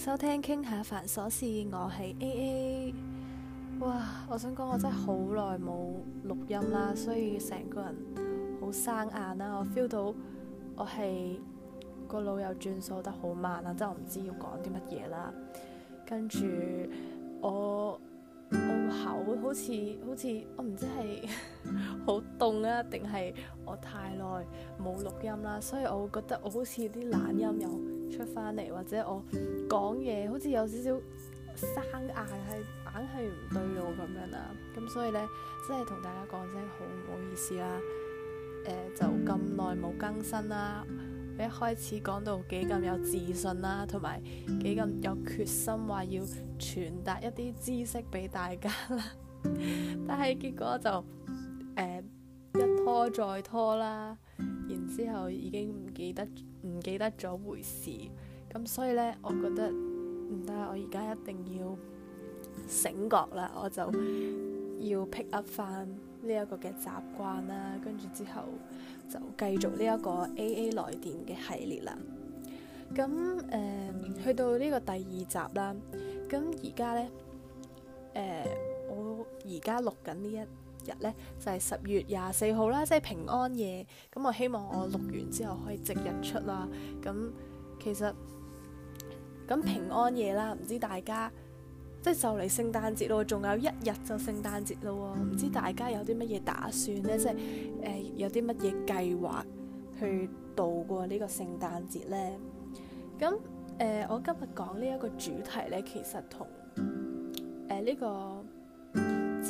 收聽傾下煩瑣事，我係 AA，哇！我想講我真係好耐冇錄音啦，所以成個人好生硬啦。我 feel 到我係個腦又轉數得好慢啦，即係我唔知要講啲乜嘢啦。跟住我我口好似好似我唔知係好凍啊，定係我太耐冇錄音啦，所以我覺得我好似啲懶音又。出翻嚟，或者我講嘢好似有少少生硬，係硬係唔對路咁樣啦。咁所以呢，真係同大家講聲好唔好意思啦、啊呃。就咁耐冇更新啦、啊。一開始講到幾咁有自信啦、啊，同埋幾咁有決心，話要傳達一啲知識俾大家啦。但係結果就、呃、一拖再拖啦。然之後已經唔記得。唔記得咗回事，咁所以咧，我覺得唔得，我而家一定要醒覺啦，我就要 pick up 翻呢一個嘅習慣啦，跟住之後就繼續呢一個 AA 來電嘅系列啦。咁誒、嗯，去到呢個第二集啦，咁而家咧，誒、嗯，我而家錄緊呢一日咧就係、是、十月廿四號啦，即係平安夜。咁我希望我錄完之後可以即日出啦。咁其實咁平安夜啦，唔知大家即係就嚟聖誕節咯，仲有一日就聖誕節咯。唔知大家有啲乜嘢打算呢？即係誒、呃，有啲乜嘢計劃去度過呢個聖誕節呢？咁誒、呃，我今日講呢一個主題咧，其實同誒呢個。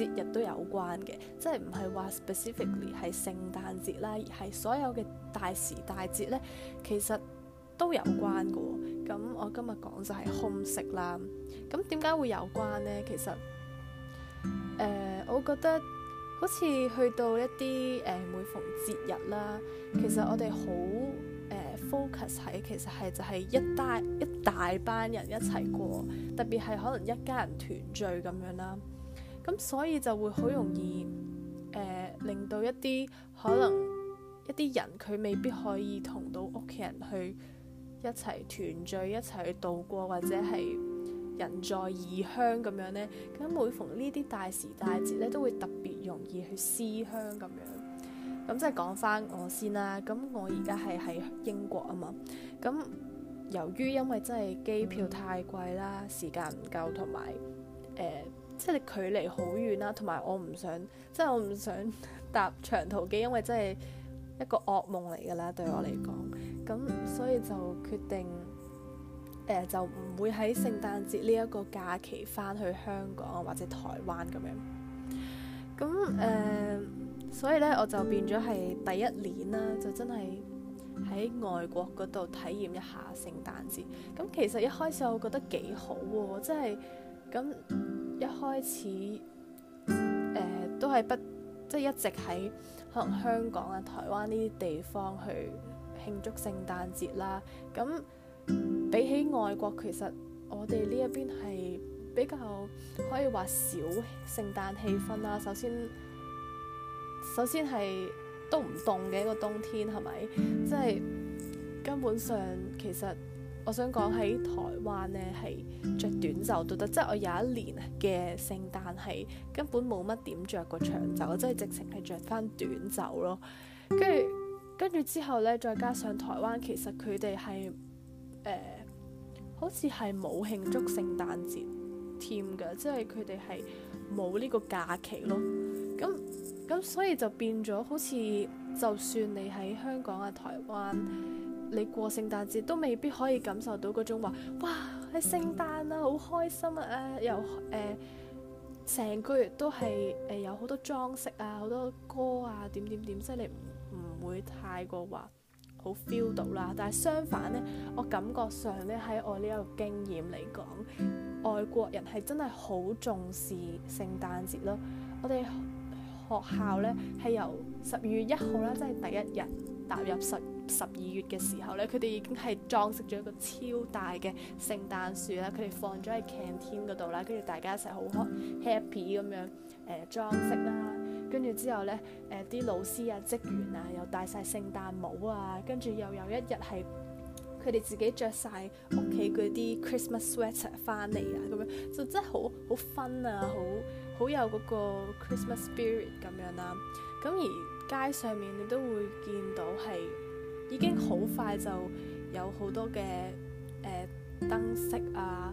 節日都有關嘅，即係唔係話 specifically 係聖誕節啦，而係所有嘅大時大節咧，其實都有關噶咁我今日講就係 homesick 啦。咁點解會有關呢？其實誒、呃，我覺得好似去到一啲誒、呃、每逢節日啦，其實我哋好、呃、focus 喺其實係就係一大一大班人一齊過，特別係可能一家人團聚咁樣啦。咁所以就會好容易誒、呃、令到一啲可能一啲人佢未必可以同到屋企人去一齊團聚，一齊去度過，或者係人在異鄉咁樣呢。咁每逢呢啲大時大節咧，都會特別容易去思鄉咁樣。咁即係講翻我先啦。咁我而家係喺英國啊嘛。咁由於因為真係機票太貴啦，時間唔夠同埋誒。即係距離好遠啦，同埋我唔想，即係我唔想搭長途機，因為真係一個噩夢嚟㗎啦。對我嚟講，咁所以就決定，呃，就唔會喺聖誕節呢一個假期翻去香港或者台灣咁樣。咁誒，呃，所以呢，我就變咗係第一年啦，就真係喺外國嗰度體驗一下聖誕節。咁其實一開始我覺得幾好喎，啊，即係咁。一開始誒、呃、都係不即係一直喺可能香港啊、台灣呢啲地方去慶祝聖誕節啦。咁比起外國，其實我哋呢一邊係比較可以話少聖誕氣氛啦。首先，首先係都唔凍嘅一個冬天，係咪？即係根本上，其實我想講喺台灣呢係。着短袖都得，即係我有一年嘅聖誕係根本冇乜點着過長袖，即係直情係着翻短袖咯。跟住跟住之後咧，再加上台灣其實佢哋係誒，好似係冇慶祝聖誕節添㗎，即係佢哋係冇呢個假期咯。咁咁所以就變咗好似，就算你喺香港啊、台灣，你過聖誕節都未必可以感受到嗰種話哇～喺聖誕啦、啊，好開心啊！又誒，成、呃、個月都係誒、呃、有好多裝飾啊，好多歌啊，點點點，即你唔會太過話好 feel 到啦。但係相反呢，我感覺上呢，喺我呢個經驗嚟講，外國人係真係好重視聖誕節咯。我哋學校呢，係由十二月一號咧，即係第一日踏入十。十二月嘅時候咧，佢哋已經係裝飾咗一個超大嘅聖誕樹啦。佢哋放咗喺 canteen 嗰度啦，跟住大家一齊好 happy 咁樣誒、呃、裝飾啦。跟住之後咧，誒、呃、啲老師啊、職員啊，又戴晒聖誕帽啊，跟住又有一日係佢哋自己着晒屋企嗰啲 Christmas sweater 翻嚟啊，咁樣就真係好好 fun 啊，好好有嗰個 Christmas spirit 咁樣啦。咁而街上面你都會見到係。已經好快就有好多嘅誒、呃、燈飾啊、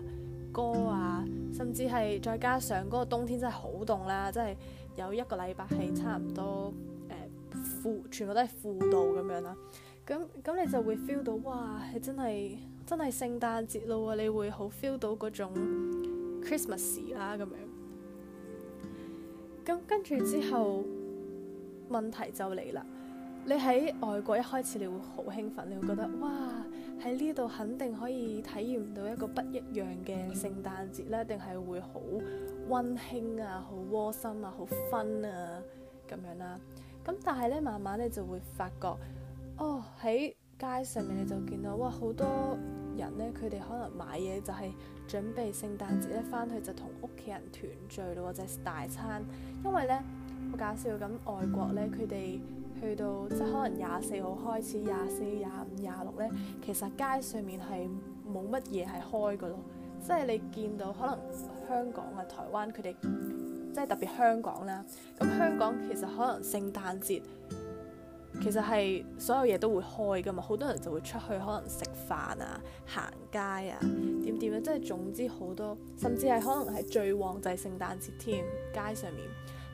歌啊，甚至係再加上嗰個冬天真係好凍啦，即係有一個禮拜係差唔多誒、呃、全部都係負度咁樣啦。咁咁你就會 feel 到哇，係真係真係聖誕節咯！你會好 feel 到嗰種 Christmas 啦咁樣。咁跟住之後問題就嚟啦。你喺外國一開始，你會好興奮，你會覺得哇，喺呢度肯定可以體驗到一個不一樣嘅聖誕節啦，定係會好溫馨啊、好窩心啊、好 fun 啊咁樣啦。咁但係咧，慢慢咧就會發覺，哦，喺街上面你就見到哇，好多人咧，佢哋可能買嘢就係準備聖誕節咧翻去就同屋企人團聚咯，或者食大餐。因為咧好搞笑，咁外國咧佢哋。去到即係可能廿四號開始，廿四、廿五、廿六咧，其實街上面係冇乜嘢係開㗎囉。即係你見到可能香港啊、台灣佢哋，即係特別香港啦。咁香港其實可能聖誕節其實係所有嘢都會開㗎嘛，好多人就會出去可能食飯啊、行街啊點點啦，即係總之好多，甚至係可能係最旺就係聖誕節添，街上面。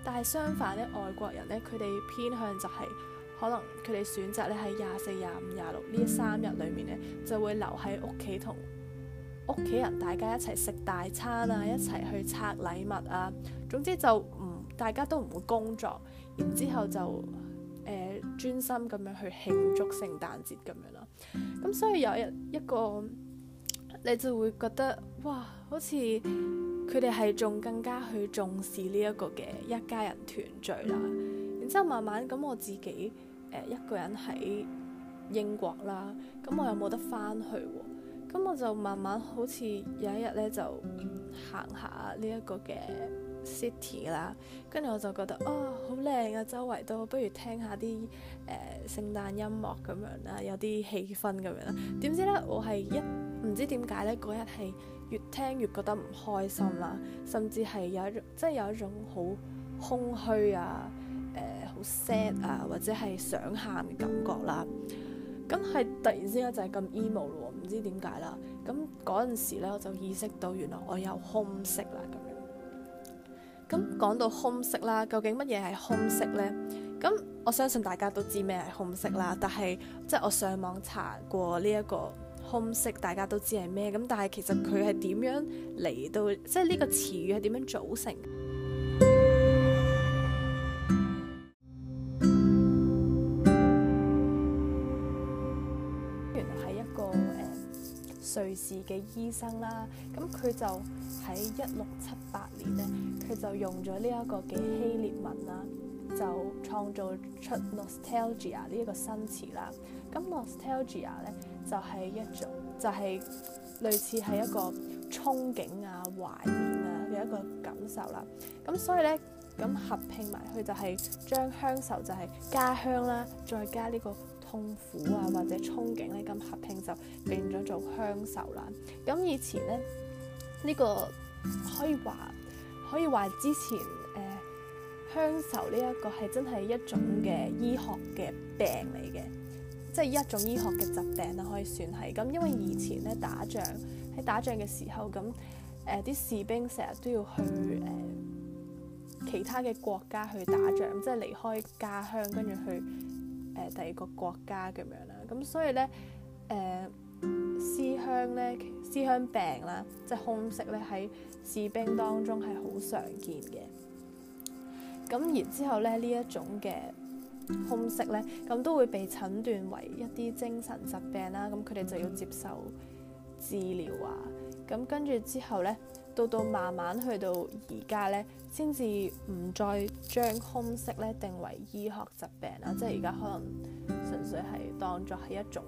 但係相反咧，外國人咧，佢哋偏向就係、是、可能佢哋選擇咧喺廿四、廿五、廿六呢三日裏面咧，就會留喺屋企同屋企人大家一齊食大餐啊，一齊去拆禮物啊，總之就唔大家都唔會工作，然之後就誒、呃、專心咁樣去慶祝聖誕節咁樣咯。咁所以有一一個你就會覺得哇，好似～佢哋係仲更加去重視呢一個嘅一家人團聚啦。然之後慢慢咁我自己誒、呃、一個人喺英國啦，咁我又冇得翻去、啊，咁我就慢慢好似有一日咧就、嗯、行下呢一個嘅 city 啦。跟住我就覺得啊好靚啊，周圍都不如聽下啲誒、呃、聖誕音樂咁樣啦，有啲氣氛咁樣啦。點知咧我係一唔知點解咧嗰日係。越聽越覺得唔開心啦，甚至係有一種即係有一種好空虛啊、誒、呃、好 sad 啊，或者係想喊嘅感覺啦。咁係突然之間就係咁 emo 咯，唔知點解啦。咁嗰陣時咧，我就意識到原來我有 homesick 啦。咁樣，咁講到 homesick 啦，究竟乜嘢係 homesick 呢？咁我相信大家都知咩係 homesick 啦。但係即係我上網查過呢、這、一個。通識大家都知係咩咁，但係其實佢係點樣嚟到？即係呢個詞語係點樣組成？原來係一個誒、呃、瑞士嘅醫生啦，咁佢就喺一六七八年咧，佢就用咗呢一個嘅希臘文啦，就創造出 nostalgia 呢一個新詞啦。咁 nostalgia 咧。就係一種，就係、是、類似係一個憧憬啊、懷念啊嘅一個感受啦。咁所以咧，咁合拼埋去，就係將鄉愁就係家鄉啦，再加呢個痛苦啊或者憧憬咧，咁合拼就變咗做鄉愁啦。咁以前咧，呢、這個可以話可以話之前誒鄉、呃、愁呢一個係真係一種嘅醫學嘅病嚟嘅。即係一種醫學嘅疾病啊，可以算係咁。因為以前咧打仗，喺打仗嘅時候咁，誒啲、呃、士兵成日都要去誒、呃、其他嘅國家去打仗，即係離開家鄉，跟住去誒第二個國家咁樣啦。咁所以咧，誒、呃、思鄉咧，思鄉病啦，即係 homesick 咧喺士兵當中係好常見嘅。咁然之後咧呢一種嘅。homesick 咧，咁都會被診斷為一啲精神疾病啦。咁佢哋就要接受治療啊。咁跟住之後咧，到到慢慢去到而家咧，先至唔再將 homesick 咧定為醫學疾病啦。即係而家可能純粹係當作係一種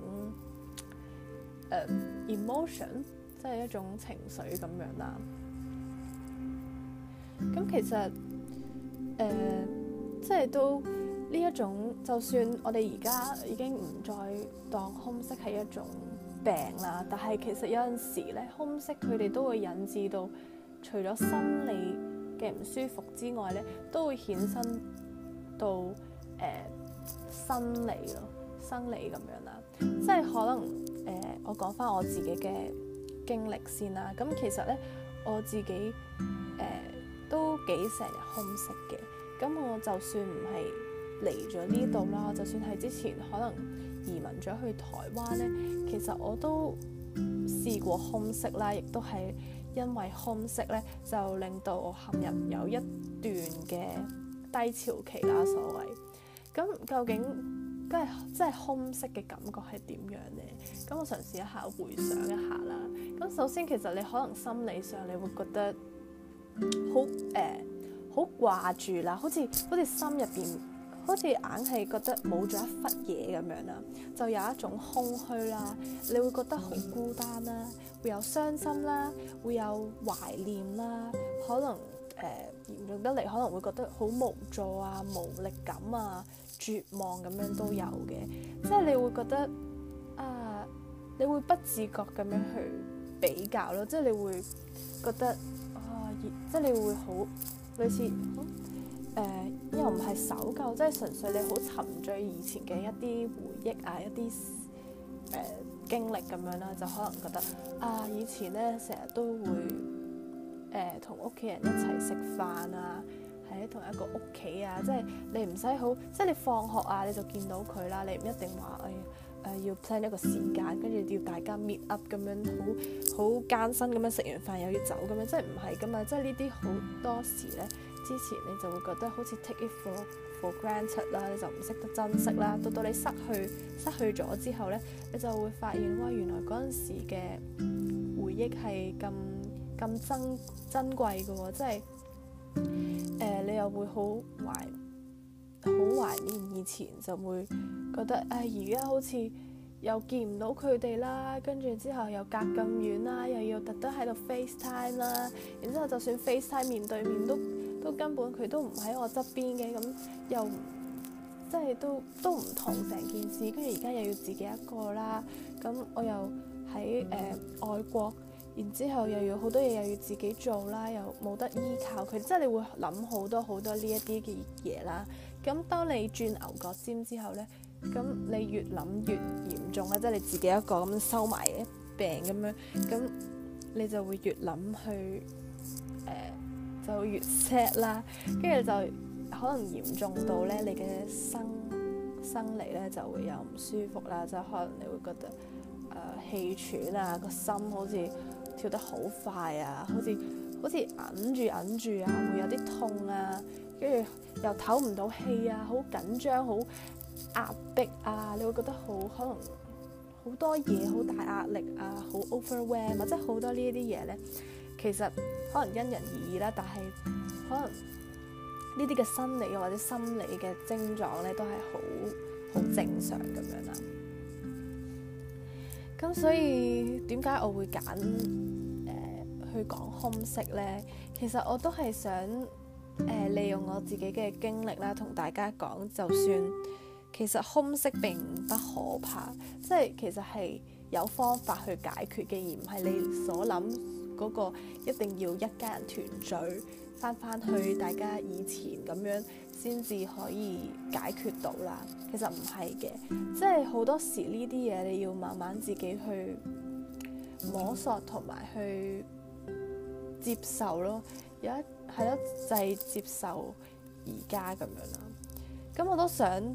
誒、呃、emotion，即係一種情緒咁樣啦。咁其實誒、呃，即係都。呢一種，就算我哋而家已經唔再當 homesick 係一種病啦，但係其實有陣時咧，homesick 佢哋都會引致到除咗生理嘅唔舒服之外咧，都會衍生到誒生理咯，生理咁樣啦。即係可能誒、呃，我講返我自己嘅經歷先啦。咁其實咧，我自己誒、呃、都幾成日 homesick 嘅。咁我就算唔係，嚟咗呢度啦，就算係之前可能移民咗去台灣呢，其實我都試過 homesick 啦，亦都係因為 homesick 呢，就令到我陷入有一段嘅低潮期啦，所謂。咁究竟即係即係 homesick 嘅感覺係點樣呢？咁我嘗試一下回想一下啦。咁首先其實你可能心理上你會覺得好誒，好掛住啦，好似好似心入邊。好似硬係覺得冇咗一忽嘢咁樣啦，就有一種空虛啦，你會覺得好孤單啦，會有傷心啦，會有懷念啦，可能誒嚴重得嚟可能會覺得好無助啊、無力感啊、絕望咁樣都有嘅，即係你會覺得啊，你會不自覺咁樣去比較咯，即係你會覺得啊，即係你會好類似。啊誒、呃、又唔係守舊，即係純粹你好沉醉以前嘅一啲回憶啊，一啲誒、呃、經歷咁樣啦，就可能覺得啊，以前咧成日都會誒同屋企人一齊食飯啊，喺同一個屋企啊，即係你唔使好，即係你放學啊你就見到佢啦，你唔一定話誒誒要 plan 一個時間，跟住要大家 meet up 咁樣好好艱辛咁樣，食完飯又要走咁樣，即係唔係噶嘛，即係呢啲好多時咧。之前你就會覺得好似 take it for, for granted 啦，你就唔識得珍惜啦。到到你失去失去咗之後呢，你就會發現哇，原來嗰陣時嘅回憶係咁咁珍珍貴嘅喎，即係、呃、你又會好懷好懷念以前，就會覺得唉，而家好似又見唔到佢哋啦，跟住之後又隔咁遠啦，又要特登喺度 FaceTime 啦，然之後就算 FaceTime 面對面都～都根本佢都唔喺我側邊嘅，咁又即係都都唔同成件事，跟住而家又要自己一個啦。咁我又喺誒、嗯呃、外國，然之後又要好多嘢又要自己做、嗯、啦，又冇得依靠佢，即係你會諗好多好多呢一啲嘅嘢啦。咁當你轉牛角尖之後呢，咁你越諗越嚴重啦，即係你自己一個咁收埋一啲病咁樣，咁你就會越諗去誒。呃就越 sad 啦，跟住就可能嚴重到咧，你嘅生生理咧就會有唔舒服啦，就可能你會覺得誒、呃、氣喘啊，個心好似跳得好快啊，好似好似揞住揞住啊，會有啲痛啊，跟住又唞唔到氣啊，好緊張，好壓迫啊，你會覺得好可能好多嘢，好大壓力啊，好 overwhelm 啊，即係好多呢啲嘢咧。其實可能因人而異啦，但係可能呢啲嘅生理或者心理嘅症狀咧，都係好好正常咁樣啦。咁所以點解我會揀、呃、去講 homesick 呢？其實我都係想、呃、利用我自己嘅經歷啦，同大家講，就算其實 homesick 並不可怕，即係其實係有方法去解決嘅，而唔係你所諗。嗰個一定要一家人團聚，返返去大家以前咁樣，先至可以解決到啦。其實唔係嘅，即係好多時呢啲嘢，你要慢慢自己去摸索同埋去接受咯。有一係咯，就係、是、接受而家咁樣啦。咁我都想誒、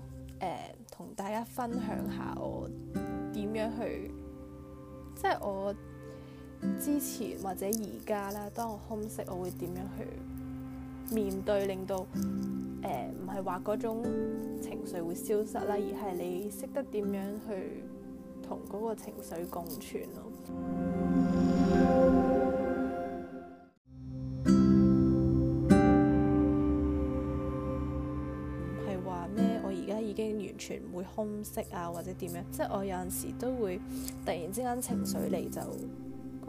呃、同大家分享下我點樣去，即係我。之前或者而家啦，當我 homesick，我會點樣去面對，令到誒唔係話嗰種情緒會消失啦，而係你識得點樣去同嗰個情緒共存咯。唔係話咩，我而家已經完全唔會 homesick 啊，或者點樣？即係我有陣時都會突然之間情緒嚟就。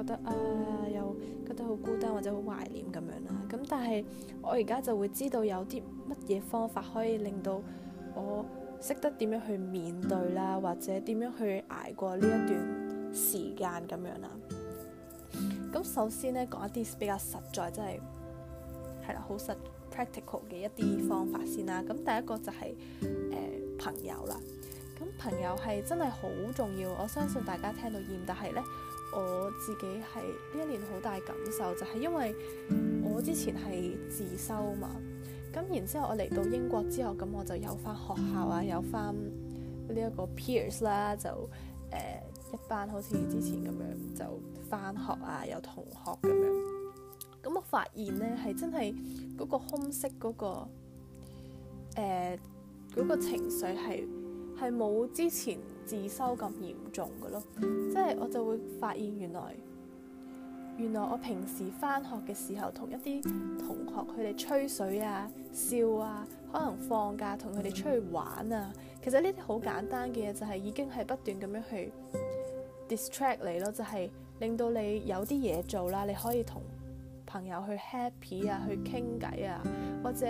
覺得啊，又覺得好孤單或者好懷念咁樣啦。咁但係我而家就會知道有啲乜嘢方法可以令到我識得點樣去面對啦，或者點樣去捱過呢一段時間咁樣啦。咁首先呢，講一啲比較實在，真係係啦，好實 practical 嘅一啲方法先啦。咁第一個就係、是呃、朋友啦。咁朋友係真係好重要，我相信大家聽到厭，但係呢。我自己係呢一年好大感受，就係、是、因為我之前係自修嘛，咁然之後我嚟到英國之後，咁我就有翻學校啊，有翻呢一個 peers 啦，就誒、呃、一班好似之前咁樣就翻學啊，有同學咁樣，咁我發現呢，係真係嗰個 homesick 嗰個誒嗰、呃嗰個情緒係係冇之前自修咁嚴重嘅咯，即係我就會發現原來原來我平時返學嘅時候同一啲同學佢哋吹水啊、笑啊，可能放假同佢哋出去玩啊，其實呢啲好簡單嘅嘢就係已經係不斷咁樣去 distract 你咯，就係、是、令到你有啲嘢做啦，你可以同朋友去 happy 啊、去傾偈啊，或者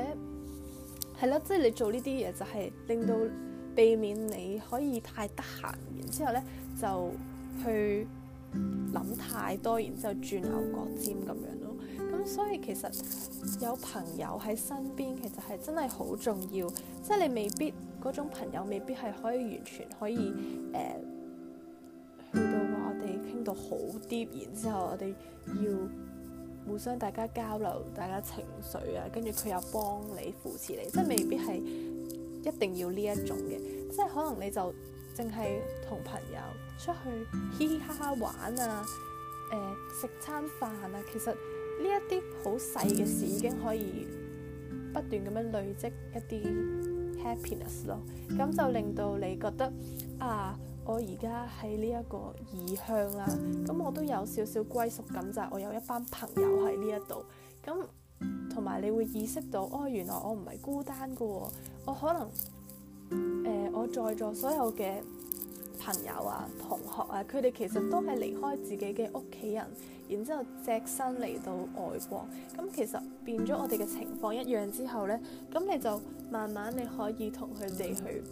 係咯，即係、就是、你做呢啲嘢就係令到。避免你可以太得閒，然之後咧就去諗太多，然之後轉牛角尖咁樣咯。咁所以其實有朋友喺身邊，其實係真係好重要。即係你未必嗰種朋友，未必係可以完全可以誒去到話我哋傾到好啲，然之後我哋要互相大家交流大家情緒啊，跟住佢又幫你扶持你，即係未必係。一定要呢一種嘅，即係可能你就淨係同朋友出去嘻嘻哈哈玩啊，誒食餐飯啊，其實呢一啲好細嘅事已經可以不斷咁樣累積一啲 happiness 咯。咁就令到你覺得啊，我而家喺呢一個異鄉啦、啊，咁我都有少少歸屬感，就係我有一班朋友喺呢一度。咁同埋你會意識到，哦，原來我唔係孤單嘅喎、哦。我可能誒、呃，我在座所有嘅朋友啊、同學啊，佢哋其實都係離開自己嘅屋企人，然之後隻身嚟到外國，咁、嗯、其實變咗我哋嘅情況一樣之後咧，咁、嗯、你就慢慢你可以同佢哋去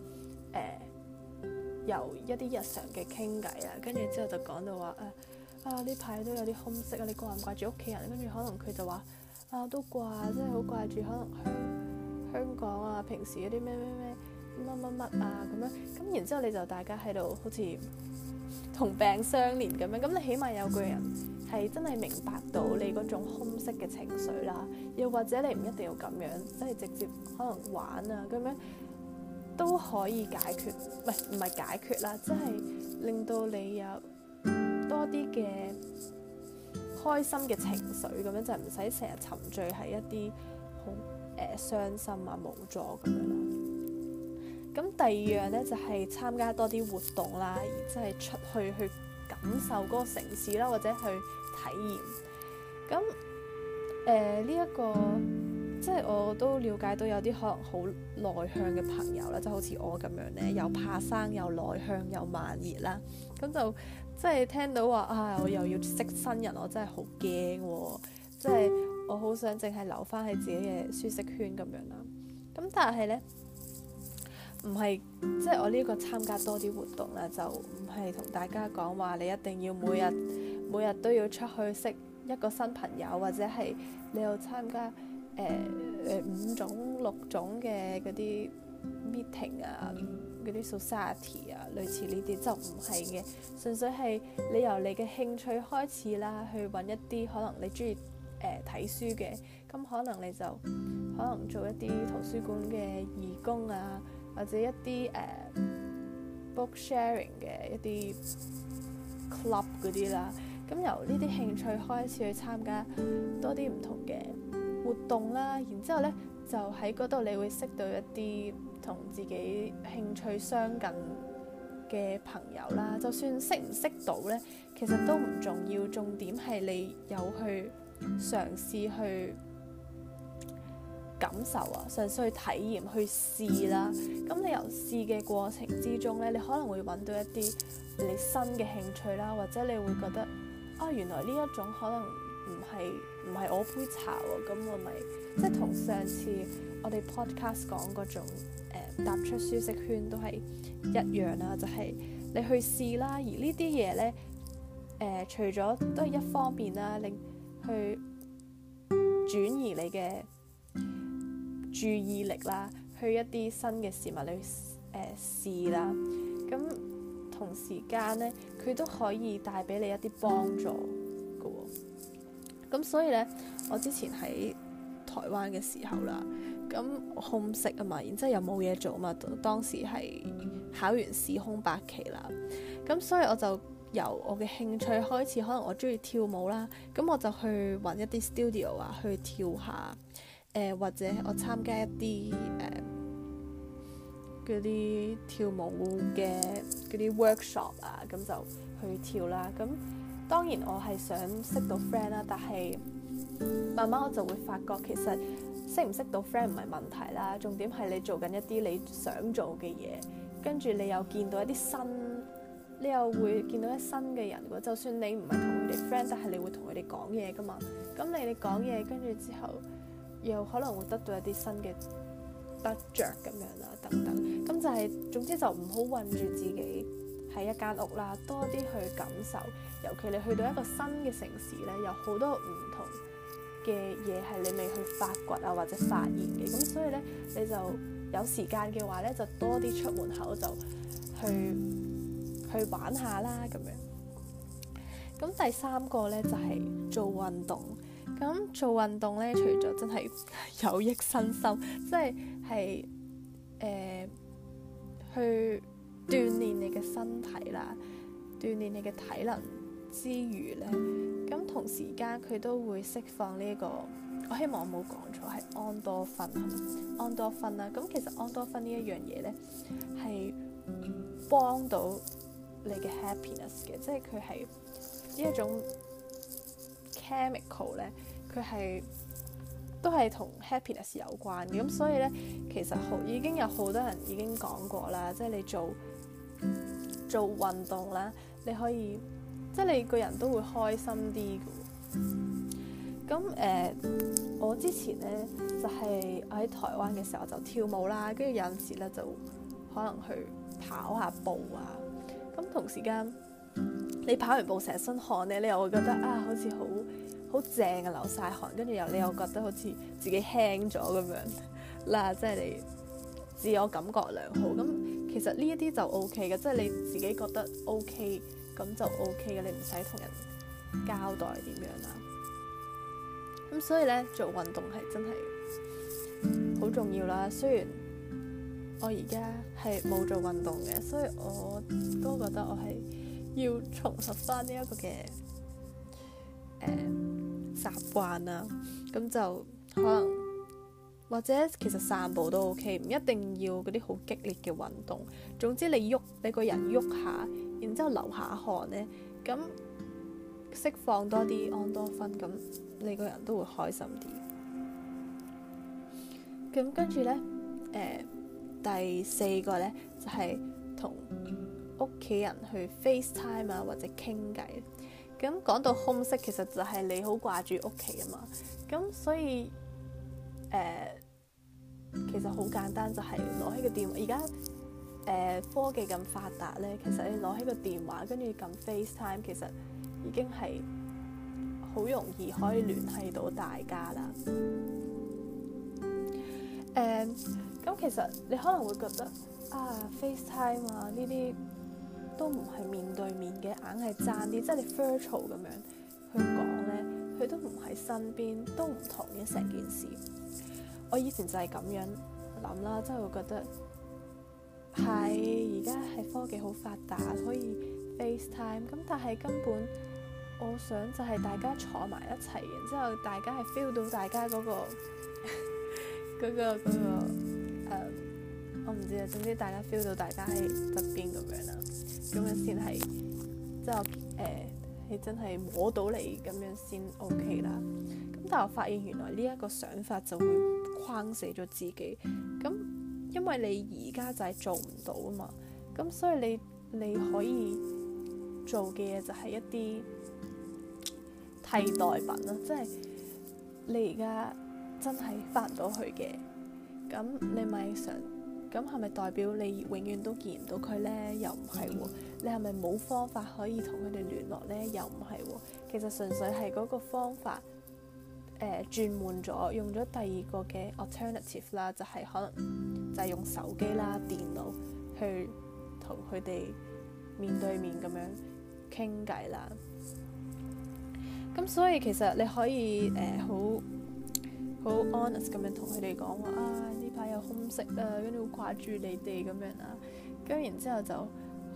誒由、呃、一啲日常嘅傾偈啊，跟住之後就講到話誒啊呢排都有啲空隙啊，你掛唔掛住屋企人？跟住可能佢就話啊，都掛，真係好掛住，可能去。香港啊，平時嗰啲咩咩咩乜乜乜啊咁、啊、樣，咁然之後你就大家喺度好似同病相憐咁樣，咁你起碼有個人係真係明白到你嗰種空隙嘅情緒啦，又或者你唔一定要咁樣，即係直接可能玩啊咁樣都可以解決，唔係唔係解決啦，即係令到你有多啲嘅開心嘅情緒咁樣，就唔使成日沉醉喺一啲。誒、呃、傷心啊，冇咗咁樣啦。咁第二樣呢，就係、是、參加多啲活動啦，即係出去去感受嗰個城市啦，或者去體驗。咁誒呢一個，即、就、係、是、我都了解到有啲可能好內向嘅朋友啦，即、就、係、是、好似我咁樣呢，又怕生又內向又慢熱啦。咁就即係、就是、聽到話啊、哎，我又要識新人，我真係好驚喎，即、就、係、是。我好想淨係留翻喺自己嘅舒適圈咁樣啦。咁但係呢，唔係即係我呢個參加多啲活動啦，就唔係同大家講話你一定要每日每日都要出去識一個新朋友，或者係你又參加誒、呃呃、五種六種嘅嗰啲 meeting 啊，嗰啲 society 啊，類似呢啲就唔係嘅，純粹係你由你嘅興趣開始啦，去揾一啲可能你中意。誒睇、呃、書嘅，咁可能你就可能做一啲圖書館嘅義工啊，或者一啲誒、uh, book sharing 嘅一啲 club 嗰啲啦。咁由呢啲興趣開始去參加多啲唔同嘅活動啦，然之後呢，就喺嗰度你會識到一啲同自己興趣相近嘅朋友啦。就算識唔識到呢，其實都唔重要，重點係你有去。嘗試去感受啊，嘗試去體驗、去試啦。咁你由試嘅過程之中咧，你可能會揾到一啲你新嘅興趣啦，或者你會覺得啊，原來呢一種可能唔係唔係我杯茶喎。咁我咪即係同上次我哋 podcast 講嗰種誒踏、呃、出舒適圈都係一樣啦，就係、是、你去試啦。而呢啲嘢咧，誒、呃、除咗都係一方面啦，令去轉移你嘅注意力啦，去一啲新嘅事物嚟誒試啦。咁同時間咧，佢都可以帶俾你一啲幫助㗎喎、哦。咁所以咧，我之前喺台灣嘅時候啦，咁空食啊嘛，然之後又冇嘢做啊嘛，當時係考完試空白期啦。咁所以我就～由我嘅興趣開始，可能我中意跳舞啦，咁我就去揾一啲 studio 啊，去跳下，誒、呃、或者我參加一啲誒啲跳舞嘅啲 workshop 啊，咁就去跳啦。咁當然我係想識到 friend 啦，但係慢慢我就會發覺其實識唔識到 friend 唔係問題啦，重點係你做緊一啲你想做嘅嘢，跟住你又見到一啲新，你又會見到一新嘅人，就算你唔係同佢哋 friend，但係你會同佢哋講嘢噶嘛。咁你哋講嘢，跟住之後又可能會得到一啲新嘅得著咁樣啦、啊，等等。咁就係、是、總之就唔好韞住自己喺一間屋啦，多啲去感受。尤其你去到一個新嘅城市呢，有好多唔同嘅嘢係你未去發掘啊，或者發現嘅。咁所以呢，你就有時間嘅話呢，就多啲出門口就去。去玩下啦，咁樣咁第三個咧就係做運動。咁做運動咧，除咗真係有益身心，即係係誒去鍛鍊你嘅身體啦，鍛鍊你嘅體能之餘咧，咁同時間佢都會釋放呢一個，我希望我冇講錯，係安多酚啊，安多酚啦。咁其實安多酚呢一樣嘢咧，係幫到。你嘅 happiness 嘅，即係佢係呢一種 chemical 咧，佢係都係同 happiness 有關嘅，咁所以咧，其實好已經有好多人已經講過啦，即係你做做運動啦，你可以即係你個人都會開心啲嘅。咁誒，uh, 我之前咧就係我喺台灣嘅時候就跳舞啦，跟住有陣時咧就可能去跑下步啊。咁同時間，你跑完步成身汗咧，你又會覺得啊，好似好好正啊，流晒汗，跟住又你又覺得好似自己輕咗咁樣啦， 即係你自我感覺良好。咁其實呢一啲就 O K 嘅，即係你自己覺得 O K，咁就 O K 嘅，你唔使同人交代點樣啦。咁所以咧，做運動係真係好重要啦。雖然，我而家係冇做運動嘅，所以我都覺得我係要重拾翻呢一個嘅誒習慣啦。咁、呃、就可能或者其實散步都 OK，唔一定要嗰啲好激烈嘅運動。總之你喐你個人喐下，然之後流下汗呢，咁釋放多啲安多酚，咁你個人都會開心啲。咁跟住呢。誒、呃。第四個咧就係同屋企人去 FaceTime 啊，或者傾偈。咁、嗯、講到 homesick，其實就係你好掛住屋企啊嘛。咁、嗯、所以誒、呃，其實好簡單，就係攞起個電話。而家誒科技咁發達咧，其實你攞起個電話跟住撳 FaceTime，其實已經係好容易可以聯繫到大家啦。誒、嗯。咁其實你可能會覺得啊 FaceTime 啊呢啲都唔係面對面嘅，硬係爭啲，即係你 virtual 咁樣去講咧，佢都唔喺身邊，都唔同嘅成件事。我以前就係咁樣諗啦，即係會覺得係而家係科技好發達，可以 FaceTime 咁，但係根本我想就係大家坐埋一齊，然之後大家係 feel 到大家嗰個嗰個嗰個。 那個那個我唔知啊，總之大家 feel 到大家喺側邊咁樣啦，咁樣先係即係誒，係、呃、真係摸到你咁樣先 OK 啦。咁但係我發現原來呢一個想法就會框死咗自己。咁因為你而家就係做唔到啊嘛，咁所以你你可以做嘅嘢就係一啲替代品囉，即係你而家真係返唔到去嘅，咁你咪想。咁係咪代表你永遠都見唔到佢咧？又唔係喎。你係咪冇方法可以同佢哋聯絡咧？又唔係喎。其實純粹係嗰個方法誒、呃、轉換咗，用咗第二個嘅 alternative 啦，就係、係、可能就係用手機啦、電腦去同佢哋面對面咁樣傾偈啦。咁所以其實你可以誒好。呃好 honest 咁樣同佢哋講話啊，呢排有空息啊，跟住好掛住你哋咁樣啊，跟住然之後就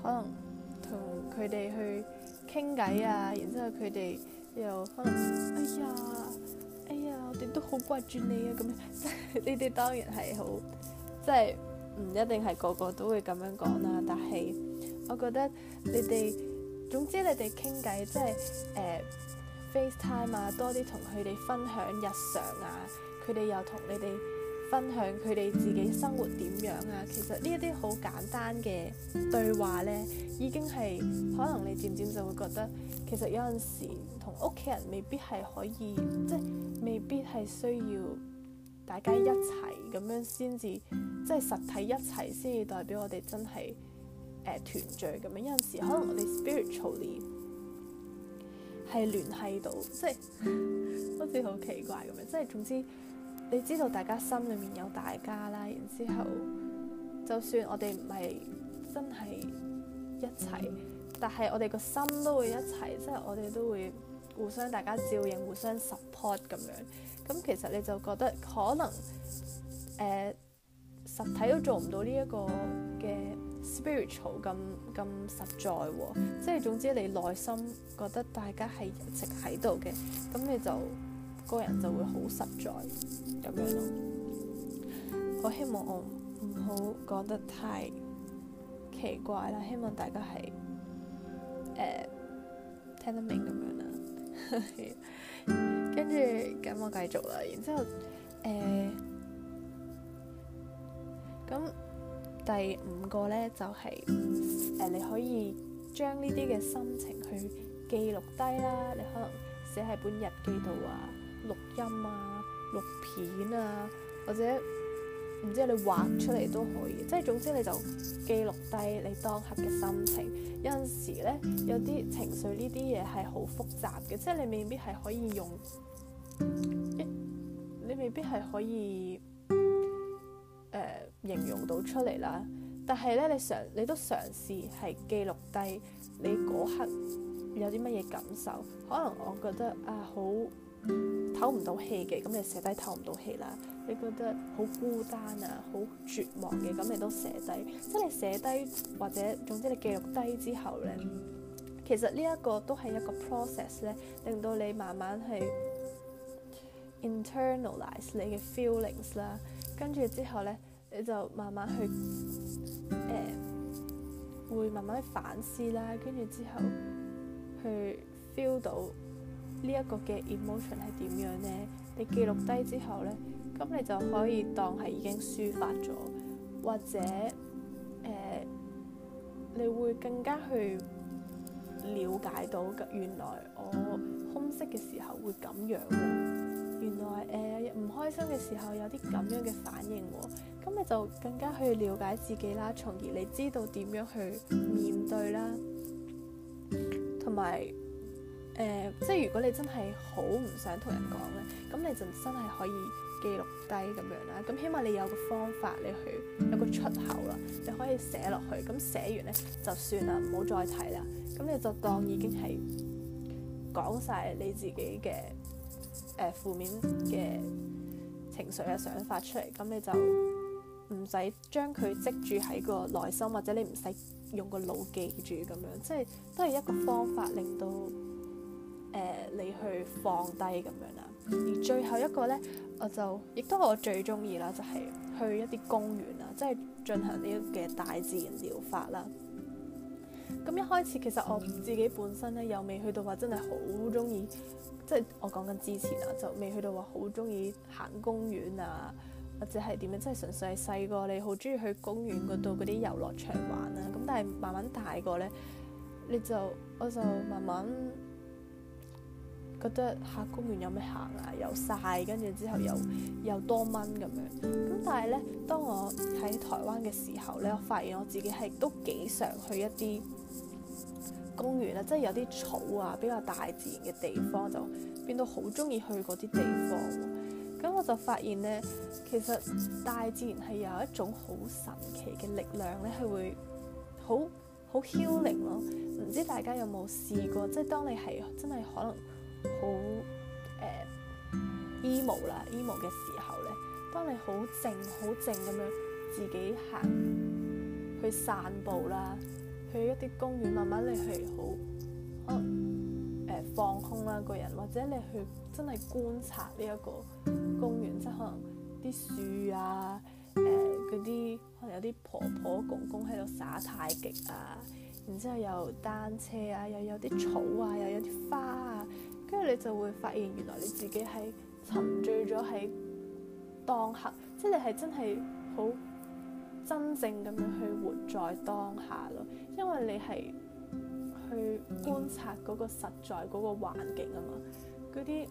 可能同佢哋去傾偈啊，然之後佢哋又可能哎呀，哎呀，我哋都好掛住你啊咁樣，即 係呢啲當然係好，即係唔一定係個個都會咁樣講啦，但係我覺得你哋總之你哋傾偈即係誒。FaceTime 啊，多啲同佢哋分享日常啊，佢哋又同你哋分享佢哋自己生活點樣啊。其實呢一啲好簡單嘅對話咧，已經係可能你漸漸就會覺得，其實有陣時同屋企人未必係可以，即係未必係需要大家一齊咁樣先至，即係實體一齊先至代表我哋真係誒團聚咁樣。有陣時可能我哋 spiritually 係聯繫到，即係 好似好奇怪咁樣。即係總之，你知道大家心裏面有大家啦。然之後，就算我哋唔係真係一齊，但係我哋個心都會一齊。即係我哋都會互相大家照應、互相 support 咁樣。咁其實你就覺得可能誒、呃、實體都做唔到呢一個嘅。spiritual 咁咁實在喎，啊，即係總之你內心覺得大家係一直喺度嘅，咁你就個人就會好實在咁樣咯。 我希望我唔好講得太奇怪啦，希望大家係誒聽得明咁樣啦。跟住咁我繼續啦，然之後誒咁。啊第五個咧就係、是、誒、呃，你可以將呢啲嘅心情去記錄低啦。你可能寫喺本日記度啊，錄音啊，錄片啊，或者唔知你畫出嚟都可以。即係總之，你就記錄低你當刻嘅心情。有陣時咧，有啲情緒呢啲嘢係好複雜嘅，即係你未必係可以用、欸、你未必係可以。誒、呃、形容到出嚟啦，但係咧，你嘗你都嘗試係記錄低你嗰刻有啲乜嘢感受。可能我覺得啊，好唞唔到氣嘅，咁你寫低唞唔到氣啦。你覺得好孤單啊，好絕望嘅，咁你都寫低。即係你寫低或者總之你記錄低之後咧，其實呢一個都係一個 process 咧，令到你慢慢去。internalize 你嘅 feelings 啦，跟住之後咧，你就慢慢去誒，會慢慢反思啦。跟住之後，去 feel 到呢一個嘅 emotion 係點樣咧？你記錄低之後咧，咁你就可以當係已經抒發咗，或者誒，你會更加去了解到，原來我空隙嘅時候會咁樣喎。誒，唔、呃、開心嘅時候有啲咁樣嘅反應喎、哦，咁、嗯、你就更加去了解自己啦，從而你知道點樣去面對啦，同埋、呃、即係如果你真係好唔想同人講咧，咁你就真係可以記錄低咁樣啦，咁、嗯、起碼你有個方法你去有個出口啦，你可以寫落去，咁寫完咧就算啦，唔好再睇啦，咁你就當已經係講晒你自己嘅。誒、呃、負面嘅情緒嘅想法出嚟，咁你就唔使將佢積住喺個內心，或者你唔使用個腦記住咁樣，即係都係一個方法令到誒、呃、你去放低咁樣啦。而最後一個咧，我就亦都我最鍾意啦，就係去一啲公園啦，即係進行呢啲嘅大自然療法啦。咁一開始其實我自己本身咧又未去到話真係好中意，即係我講緊之前啦，就未去到話好中意行公園啊，或者係點樣，即係純粹係細個你好中意去公園嗰度嗰啲遊樂場玩啦。咁但係慢慢大個咧，你就我就慢慢。覺得下公園有咩行啊，又曬，跟住之後又又多蚊咁樣咁。但係咧，當我喺台灣嘅時候咧，我發現我自己係都幾常去一啲公園啊，即係有啲草啊，比較大自然嘅地方，就變到好中意去嗰啲地方。咁我就發現咧，其實大自然係有一種好神奇嘅力量咧，係會好好 healing 咯。唔知大家有冇試過，即係當你係真係可能。好誒 emo 啦，emo 嘅時候咧，當你好靜，好靜咁樣自己行去散步啦，去一啲公園，慢慢你去好可能誒、呃、放空啦個人，或者你去真係觀察呢一個公園，即係可能啲樹啊，誒嗰啲可能有啲婆婆公公喺度耍太極啊，然之後又單車啊，又有啲草啊，又有啲花啊。跟住你就會發現，原來你自己係沉醉咗喺當下，即係你係真係好真正咁樣去活在當下咯。因為你係去觀察嗰個實在嗰個環境啊嘛，嗰啲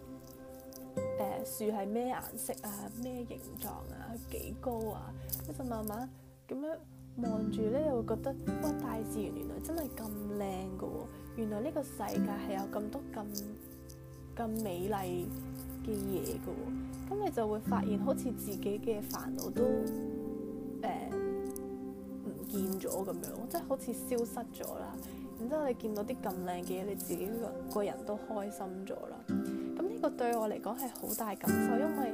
誒樹係咩顏色啊、咩形狀啊、幾高啊，你就慢慢咁樣望住咧，又會覺得哇！大自然原來真係咁靚噶喎，原來呢個世界係有咁多咁～咁美麗嘅嘢㗎喎，咁你就會發現好似自己嘅煩惱都誒、呃、唔見咗咁樣，即係好似消失咗啦。然之後你見到啲咁靚嘅嘢，你自己個個人都開心咗啦。咁呢個對我嚟講係好大感受，因為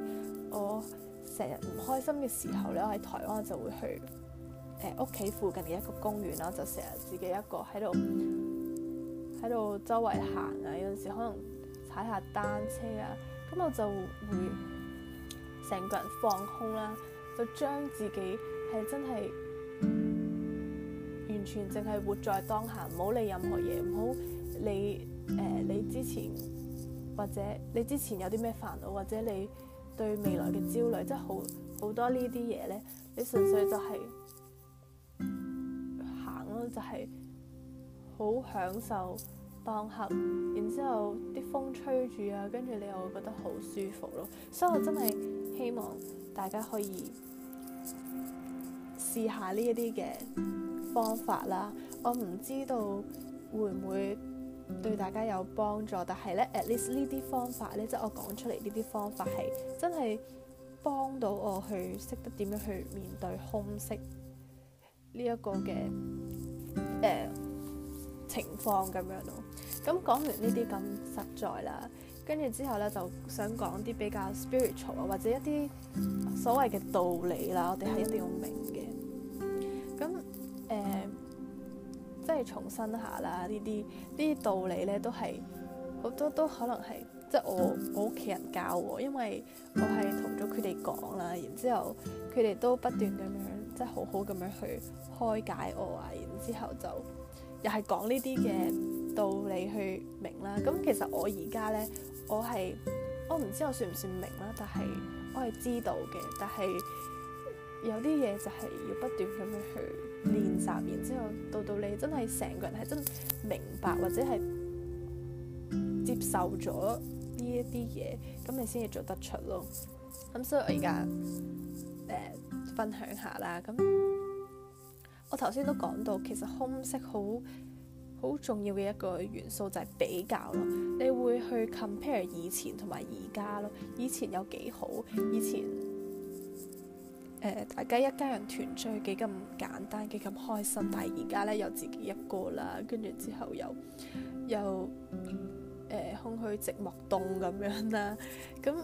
我成日唔開心嘅時候咧，我喺台灣就會去誒屋企附近嘅一個公園啦，就成日自己一個喺度喺度周圍行啊。有陣時可能～踩下單車啊，咁我就會成個人放空啦，就將自己係真係完全淨係活在當下，唔好理任何嘢，唔好理誒你之前或者你之前有啲咩煩惱，或者你對未來嘅焦慮，即係好好多呢啲嘢咧，你純粹就係行咯，就係好享受。放合，然之後啲風吹住啊，跟住你又會覺得好舒服咯。所、so，以我真係希望大家可以試下呢一啲嘅方法啦。我唔知道會唔會對大家有幫助，但係咧 at least 呢啲方法咧，即、就、係、是、我講出嚟呢啲方法係真係幫到我去識得點樣去面對空色呢一個嘅誒。呃情況咁樣咯，咁講完呢啲咁實在啦，跟住之後咧就想講啲比較 spiritual 啊，或者一啲所謂嘅道理啦，我哋係一定要明嘅。咁誒、嗯，即係重申下啦，呢啲呢啲道理咧都係好多都可能係即係我我屋企人教我，因為我係同咗佢哋講啦，然之後佢哋都不斷咁樣即係好好咁樣去開解我啊，然之後就。又係講呢啲嘅道理去明啦，咁其實我而家呢，我係我唔知我算唔算明啦，但係我係知道嘅，但係有啲嘢就係要不斷咁樣去練習，然之後到到你真係成個人係真明白或者係接受咗呢一啲嘢，咁你先至做得出咯。咁所以我而家，呃，分享下啦，咁。我頭先都講到，其實空色好好重要嘅一個元素就係比較咯。你會去 compare 以前同埋而家咯，以前有幾好，以前、呃、大家一家人團聚幾咁簡單，幾咁開心。但係而家呢，有自己一個啦，跟住之後又又誒空虛、寂寞、凍咁樣啦。咁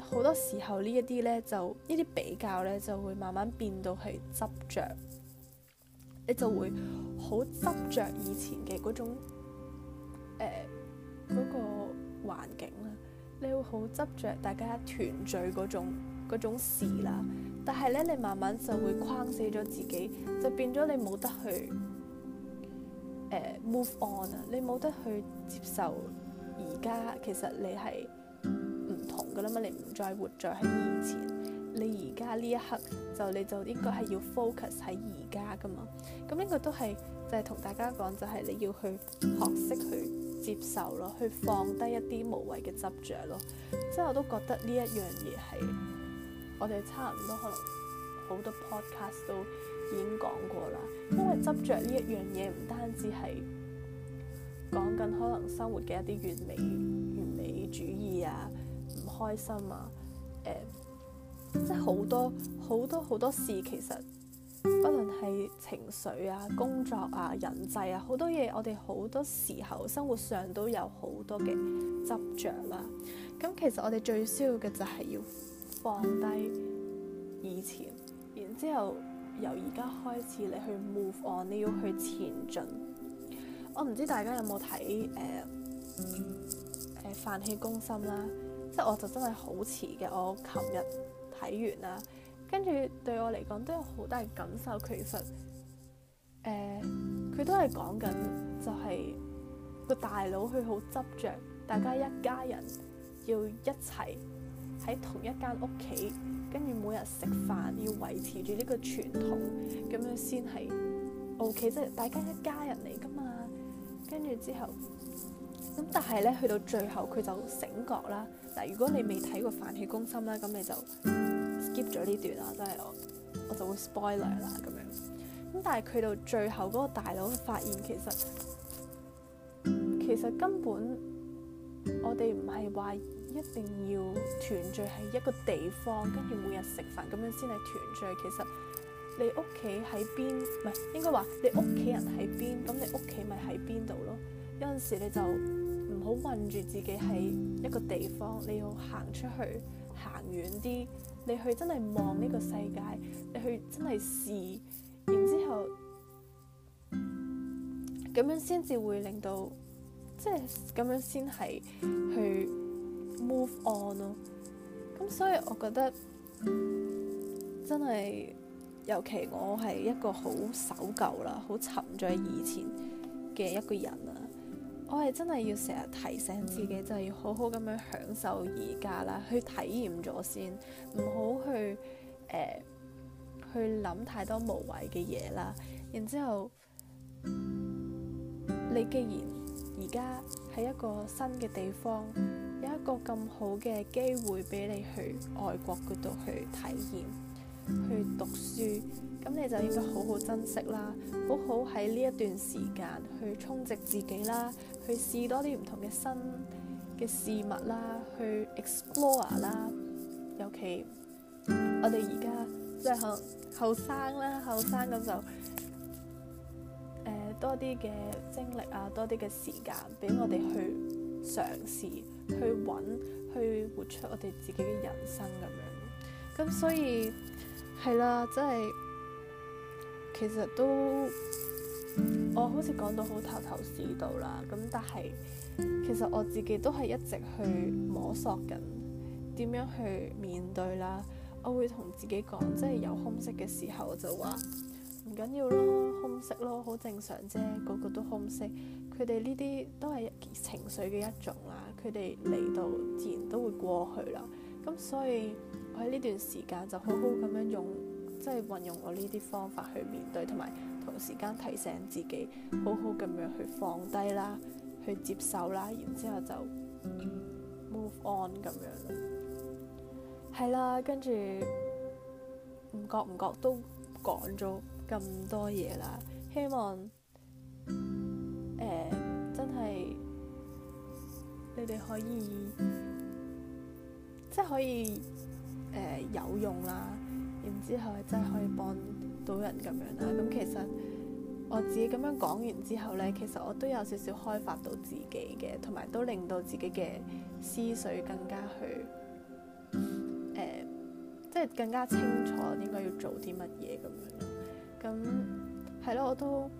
好多時候呢一啲呢，就呢啲比較呢，就會慢慢變到係執着。你就會好執着以前嘅嗰種誒嗰、呃嗰個環境啦，你會好執着大家團聚嗰種，嗰種事啦。但係咧，你慢慢就會框死咗自己，就變咗你冇得去誒、呃、move on 啊！你冇得去接受而家，其實你係唔同㗎啦嘛，你唔再活在喺以前。你而家呢一刻就你就應該係要 focus 喺而家㗎嘛，咁呢個都係就係、是、同大家講，就係、是、你要去學識去接受咯，去放低一啲無謂嘅執着咯。即係我都覺得呢一樣嘢係我哋差唔多可能好多 podcast 都已經講過啦，因為執着呢一樣嘢唔單止係講緊可能生活嘅一啲完美完美主義啊，唔開心啊。即係好多好多好多事，其實不論係情緒啊、工作啊、人際啊，好多嘢我哋好多時候生活上都有好多嘅執着啦。咁其實我哋最需要嘅就係要放低以前，然之後由而家開始你去 move on，你要去前進。我唔知大家有冇睇誒誒《飯氣攻心》啦，即係我就真係好遲嘅，我琴日。睇完啦，跟住對我嚟講都有好大感受。其實，誒、呃，佢都係講緊就係、是、個大佬，佢好執着，大家一家人要一齊喺同一間屋企，跟住每日食飯要維持住呢個傳統，咁樣先係 OK。即係大家一家人嚟㗎嘛，跟住之後。咁但係咧，去到最後佢就醒覺啦。嗱，如果你未睇過《飯氣攻心》咧，咁你就 skip 咗呢段啦，真係我我就會 spoiler 啦咁樣。咁但係去到最後嗰個大佬發現，其實其實根本我哋唔係話一定要團聚喺一個地方，跟住每日食飯咁樣先係團聚。其實你屋企喺邊，唔係應該話你屋企人喺邊，咁你屋企咪喺邊度咯？有陣時你就。好困住自己喺一個地方，你要行出去，行遠啲，你去真係望呢個世界，你去真係試，然之後咁樣先至會令到，即係咁樣先係去 move on 咯。咁所以，我覺得真係尤其我係一個好守舊啦，好沉醉以前嘅一個人啊。我係真係要成日提醒自己，就係要好好咁樣享受而家啦，去體驗咗先，唔好去，呃，去諗太多無謂嘅嘢啦。然之後，你既然而家喺一個新嘅地方，有一個咁好嘅機會俾你去外國嗰度去體驗、去讀書，咁你就應該好好珍惜啦，好好喺呢一段時間去充值自己啦。去試多啲唔同嘅新嘅事物啦，去 explore 啦。尤其我哋而家即係後後生啦，後生咁就誒多啲嘅精力啊，多啲嘅時間俾我哋去嘗試，去揾，去活出我哋自己嘅人生咁樣。咁所以係啦，即係其實都。我好似講到好頭頭是道啦，咁但係其實我自己都係一直去摸索緊點樣去面對啦。我會同自己講，即係有 homesick 嘅時候我就話唔緊要咯，homesick 咯，好正常啫，個個都 homesick。佢哋呢啲都係情緒嘅一種啦，佢哋嚟到自然都會過去啦。咁所以我喺呢段時間就好好咁樣用，即係運用我呢啲方法去面對同埋。同時間提醒自己，好好咁樣去放低啦，去接受啦，然之後就 move on 咁樣啦。係啦，跟住唔覺唔覺都講咗咁多嘢啦。希望誒、呃、真係你哋可以，即係可以誒、呃、有用啦。然之後真係可以幫人咁樣啦，咁、嗯、其實我自己咁樣講完之後咧，其實我都有少少開發到自己嘅，同埋都令到自己嘅思緒更加去、呃、即係更加清楚應該要做啲乜嘢咁樣。咁係咯，我都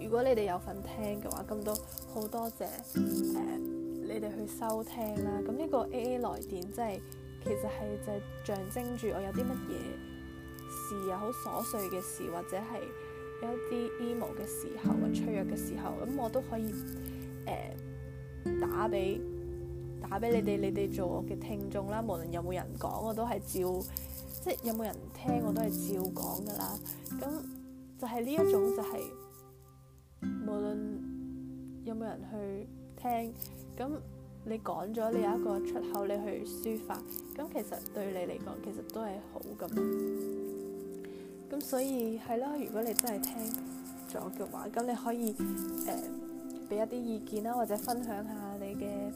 如果你哋有份聽嘅話，咁都好多謝誒、呃，你哋去收聽啦。咁呢個 AA 來電即係其實係就係、是、象徵住我有啲乜嘢。事又好瑣碎嘅事，或者係有一啲 emo 嘅時候，啊脆弱嘅時候，咁我都可以誒、呃、打俾打俾你哋，你哋做我嘅聽眾啦，無論有冇人講，我都係照即係有冇人聽，我都係照講噶啦。咁就係呢一種、就是，就係無論有冇人去聽，咁你講咗，你有一個出口，你去抒發，咁其實對你嚟講，其實都係好噶嘛。咁所以係咯，如果你真係聽咗嘅話，咁你可以誒俾、呃、一啲意見啦，或者分享下你嘅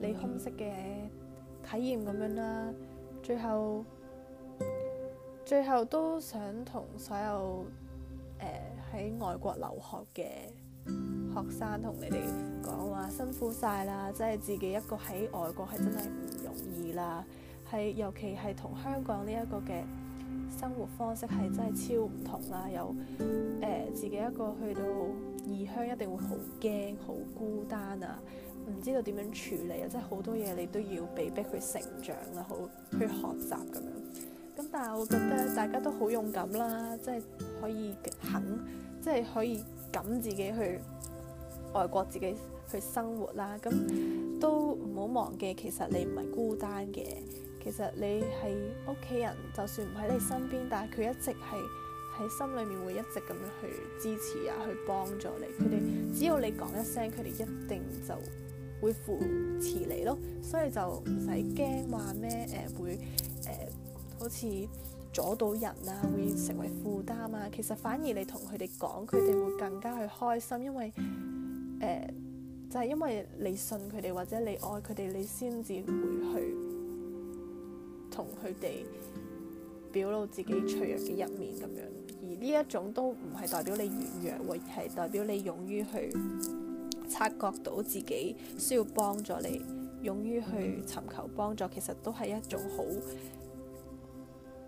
你 homesick 嘅體驗咁樣啦。嗯、最後，最後都想同所有誒喺、呃、外國留學嘅學生同你哋講話，辛苦晒啦，即係自己一個喺外國係真係唔容易啦，係尤其係同香港呢一個嘅。生活方式係真係超唔同啦，有誒、呃、自己一個去到異鄉一定會好驚、好孤單啊，唔知道點樣處理啊，即係好多嘢你都要被逼去成長啦，好去學習咁樣。咁但係我覺得大家都好勇敢啦，即係可以肯，即係可以敢自己去外國自己去生活啦。咁都唔好忘記，其實你唔係孤單嘅。其實你係屋企人，就算唔喺你身邊，但係佢一直係喺心裏面會一直咁樣去支持啊，去幫助你。佢哋只要你講一聲，佢哋一定就會扶持你咯。所以就唔使驚話咩誒會誒、呃、好似阻到人啊，會成為負擔啊。其實反而你同佢哋講，佢哋會更加去開心，因為誒、呃、就係、是、因為你信佢哋或者你愛佢哋，你先至會去。同佢哋表露自己脆弱嘅一面咁樣，而呢一種都唔係代表你軟弱，而係代表你勇於去察覺到自己需要幫助你，你勇於去尋求幫助，其實都係一種好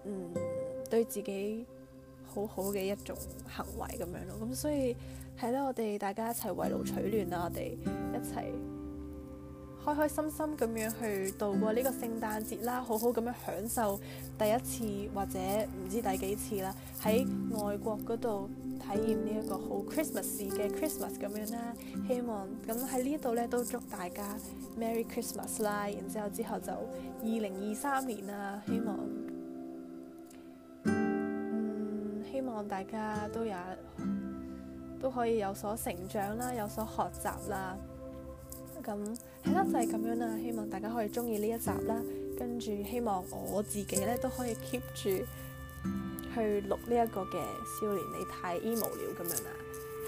嗯，對自己好好嘅一種行為咁樣咯。咁所以係啦，我哋大家一齊圍爐取暖啦，我哋一齊。開開心心咁樣去度過呢個聖誕節啦，好好咁樣享受第一次或者唔知第幾次啦，喺外國嗰度體驗呢一個好 Christmas 嘅 Christmas 咁樣啦。希望咁喺呢度呢，都祝大家 Merry Christmas 啦。然之後之後就二零二三年啦，希望、嗯、希望大家都有都可以有所成長啦，有所學習啦咁。係啦， 係就係咁樣啦，希望大家可以中意呢一集啦，跟住希望我自己咧都可以 keep 住去錄呢一個嘅「少年，你太 emo 了」咁樣啦。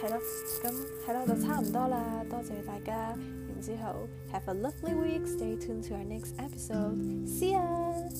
係啦，咁係啦，就差唔多啦，多謝大家，然之後 have a lovely week，stay tuned to our next episode，see ya。